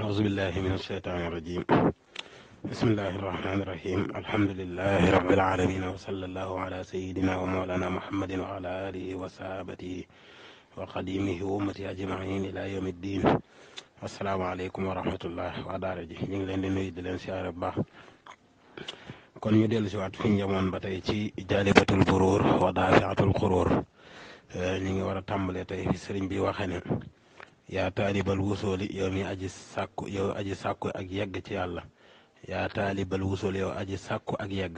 أعوذ بالله من الشيطان الرجيم بسم الله الرحمن الرحيم الحمد لله رب العالمين وصلى الله على سيدنا ومولانا محمد وعلى آله وصحابته وقديمه وأمته أجمعين إلى يوم الدين السلام عليكم ورحمة الله وبركاته ji ñu ngi leen di nuyu di leen siyaare bu baax kon ñu dellu si waat fi ñu yemoon ba tey ci jaalibatul buruur wa daafiatul xuruur ñu ngi war a tàmbalee tey fi sëriñ bi waxee ne yaa taalibal wusooli yow mi aji sàkku yow aji sàkku ak yegg ci yàlla yaa taalibal wusooli yow aji sàkku ak yegg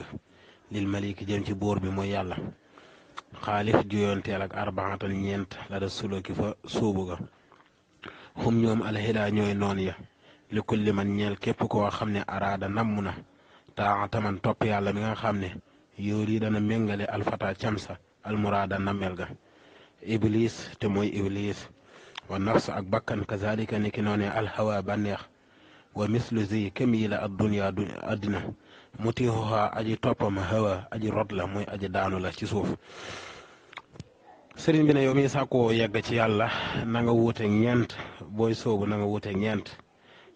lil maliki jëm ci buur bi mooy yàlla xaalif juyoonteel ak arbaxatal ñeent la da suloki fa suubu ga xum ñoom alxilaa ñooy noon ya li kulli man ñeel képp koo xam ne araada namm na taataman topp yàlla mi nga xam ne yoor yi dana méngale alfata camsa almuraada nammel ga iblis te mooy iblis wa nafs ak bakkan kazalika ni ki noonee alxawa bànneex wa mislu zi kem yi la ad dunya du àddina mutiixuha aji toppam hawa aji rot la mooy aji daanu la ci suuf sëriñ bi ne yow mi sàkkoo yegg ci yàlla nanga nga wuute ñeent booy soobu na nga ñeent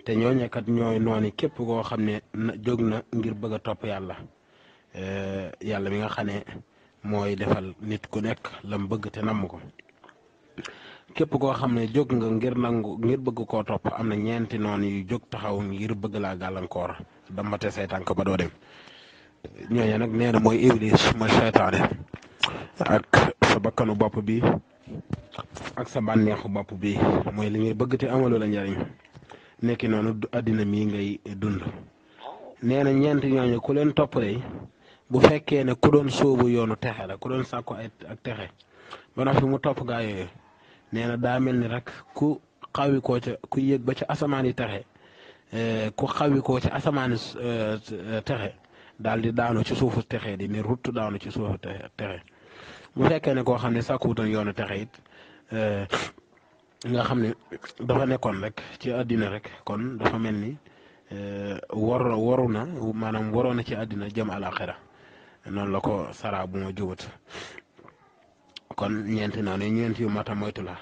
te ñooñu kat ñooy noonu képp koo xam ne jóg na ngir bëgg a topp yàlla eh, yàlla mi nga xam ne mooy defal nit ku nekk lam bëgg te namm ko képp koo xam ne jóg nga ngir nangu ngir bëgg koo topp am na ñeenti noonu yu jóg taxaw ngir bëgg laa gàllankoor dambate say tànk ba doo dem ñooñu nag nee na mooy iblis mooy seytaane ak sa bakkanu bopp bi ak sa bànneexu bopp bi mooy li ngay bëgg te amalu la njariñ nekki noonu àddina mi ngay dund nee na ñeenti ñooñu ku leen topp rek bu fekkee ne ku doon sóobu yoonu texe la ku doon sàkku ay ak texe ba noppi mu topp gaa yooyu nee na daa mel ni rek ku xawi koo ca ku yëg ba ca asamaani yi texe ku xawi koo ca asamaani yi texe daal di daanu ci suufu texe di ni rutt daanu ci suufu texe mu fekkee ne koo xam ne sàkkuwutoon yoonu texe it nga xam ne dafa nekkoon rek ci àddina rek kon dafa mel ni war waru na maanaam waroon na ci àddina jëm àlaxira noonu la ko sara bu ma jubut kon ñeenti noonu ñeent yu mata moytu la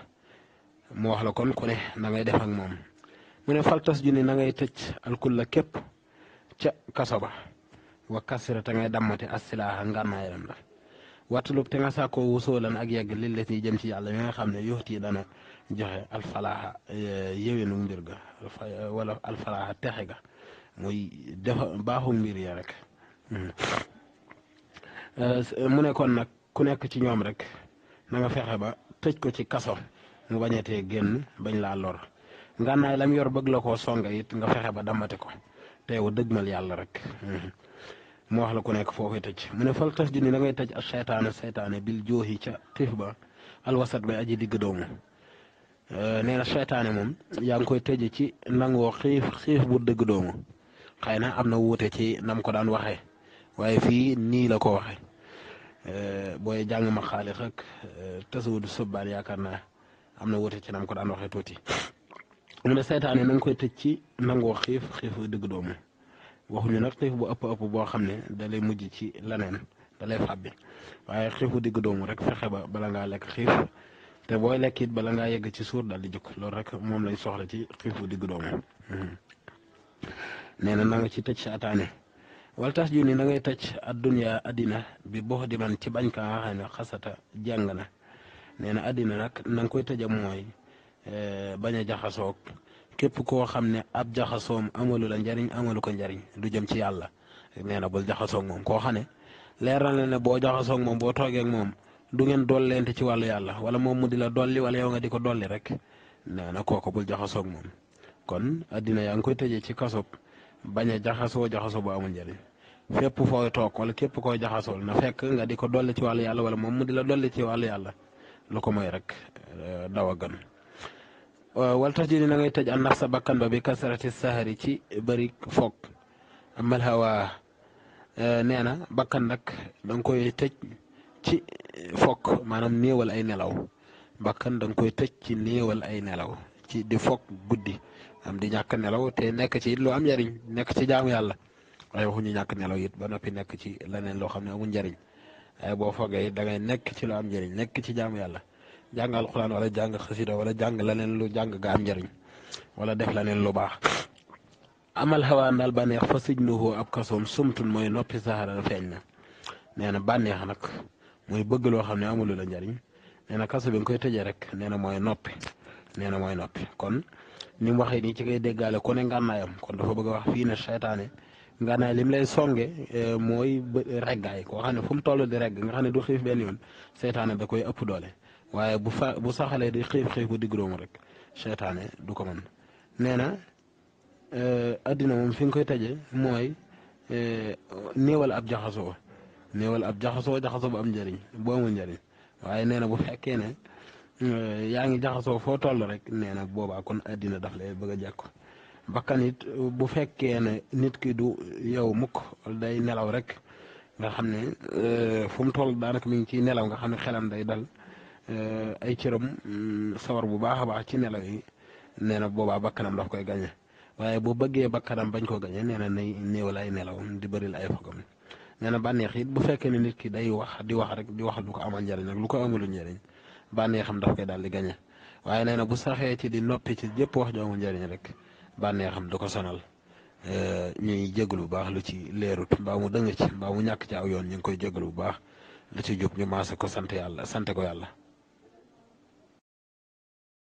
mu wax la kon ku na ngay def ak moom mu ne faltas ju ne na ngay tëj alkulla képp ca kaso ba wa kas te ngay dammate asilaaha ngànnaayam la wattulub te nga sàkkoo wusoolan ak yegg li lati jëm ci yàlla mi nga xam ne yoxti dana joxe alfalaaha e, yéwénu mbir ga wala alfalaaha texe ga muy defa baaxu mbir ya rek hmm. euh, mu ne kon nag ku nekk ci ñoom rek na nga fexe ba tëj ko ci kaso mu bañatee génn bañ laa lor ngànnaay lam yor bëgg la koo songa it nga fexe ba damate ko te dëgg dëgmal yàlla rek mhm. mu wax la ko nekk foo tëj mu ne fal tas junni da ngay tëj ak seytaane seytaane bil jooxi ca tif ba alwasat bay aji digg doomu euh, nee na seytaane moom yaa ngi koy tëje ci nangoo xiif xiif bu dëgg doomu xëy na am na wuute ci nam ko daan waxee waaye fii nii la ko waxee Eh, booy jàng ma xaalis ak eh, tasawudu sobbaal yaakaar naa am na wute ci nam ko daan waxee tuuti mu ne seytaane na nga koy tëj ci nangoo xiif xiifu dëgg doomu waxuñu nag xiif bu ëpp ëpp boo xam ne dalay mujj ci leneen dalay fàbbi waaye xiifu digg doomu rek fexe ba bala ngaa lekk xiif te booy lekk it bala ngaa yegg ci suur dal di jóg loolu rek moom lañ soxla ci xiifu digg doomu hmm. nee na nga ci tëj seytaane wala tas nii na ngay tëj adduna addina bi boo di man ci bañ kaa xam xasata jàng na nee na addina nag na nga koy tëjee mooy eh, bañ a jaxasoog képp koo xam ne ab jaxasoom amalu la njariñ amalu ko njariñ du jëm ci yàlla nee na bul jaxasoog moom koo xam ne leeral na ne boo jaxasoog moom boo toogee moom du ngeen dolleente ci wàllu yàlla wala moom mu di la dolli wala yow nga di ko dolli rek nee na kooku bul jaxasoog moom kon addina yaa ngi koy tëjee ci kasoog. bañ a jaxasoo jaxasoo bu amul njëriñ fépp fooy toog wala képp koy jaxasool na fekk nga di ko dolli ci wàllu yàlla wala moom mu di la dolli ci wàllu yàlla lu ko mooy rek euh, daw a gën euh, wala ji na ngay tëj an nax sa bakkan ba bi kasarati sahari ci bëri foog amal hawa euh, nee na bakkan nag danga koy tëj ci foog maanaam néewal ay nelaw bakkan da koy tëj ci néewal ay nelaw ci di foog guddi am di ñàkk nelaw te nekk ci it lu am njariñ nekk ci jaamu yàlla waaye waxuñu ñàkk nelaw yit ba noppi nekk ci leneen loo xam ne amul njariñ waaye boo foogee it da ngay nekk ci lu am njariñ nekk ci jaamu yàlla jàng alxuraan wala jàng xasida wala jàng leneen lu jàng ga am njariñ wala def leneen lu baax amal xawaan daal bànneex fa sijnuhu ab kasoom sumtun mooy noppi saxaara feeñ na nee na bànneex nag mooy bëgg loo xam ne amul la njariñ nee na kaso bi koy tëjee rek nee na mooy noppi nee na mooy nopp kon ni mu waxee nii ci ngay déggaale ku ne ngànnaayam kon dafa bëgg a wax fii ne seytaane ngànnaay li lay songe eh, mooy reggaay ko xam ne fu mu toll di regg nga xam ne du xiif benn yoon seytaane da koy ëpp doole waaye bu fa bu saxalee di xiif xiif bu digg doomu rek seytaane du ko mën nee na eh, addina moom fi nga koy tëjee mooy eh, néewal ab jaxasoo néewal ab jaxasoo jaxasoo bu am njëriñ bu amul njëriñ waaye nee na bu fekkee ne. Euh, yaa ngi jaxasoo foo toll rek nee na boobaa kon àddina daf lay bëgg a jàkko bakkan it euh, bu fekkee ne nit ki du yow mukk day nelaw rek nga xam ne euh, fu mu toll daanaka mi ngi ciy nelaw nga xam ne xelam day dal ay cëram mm, sawar bu baax a baax ci nelaw yi nee na boobaa bakkanam daf koy gañe waaye bu bëggee bakkanam bañ koo gañe nee na nay néewal ay nelaw di la ay fogam nee na bànneex it bu fekkee ne nit ki day wax di wax rek di wax lu ko amal njariñ ak lu ko amulu njariñ bànneexam daf koy daal di gañe waaye nee na bu saxee ci di noppi ci yëpp wax ju amul njëriñ rek bànneexam du ko sonal ñuy jéglu bu baax lu ci leerut mbaa mu dëng ci mbaa mu ñàkk ci aw yoon ñu ngi koy jéglu bu baax lu ci jub ñu maase ko sant yàlla sante ko yàlla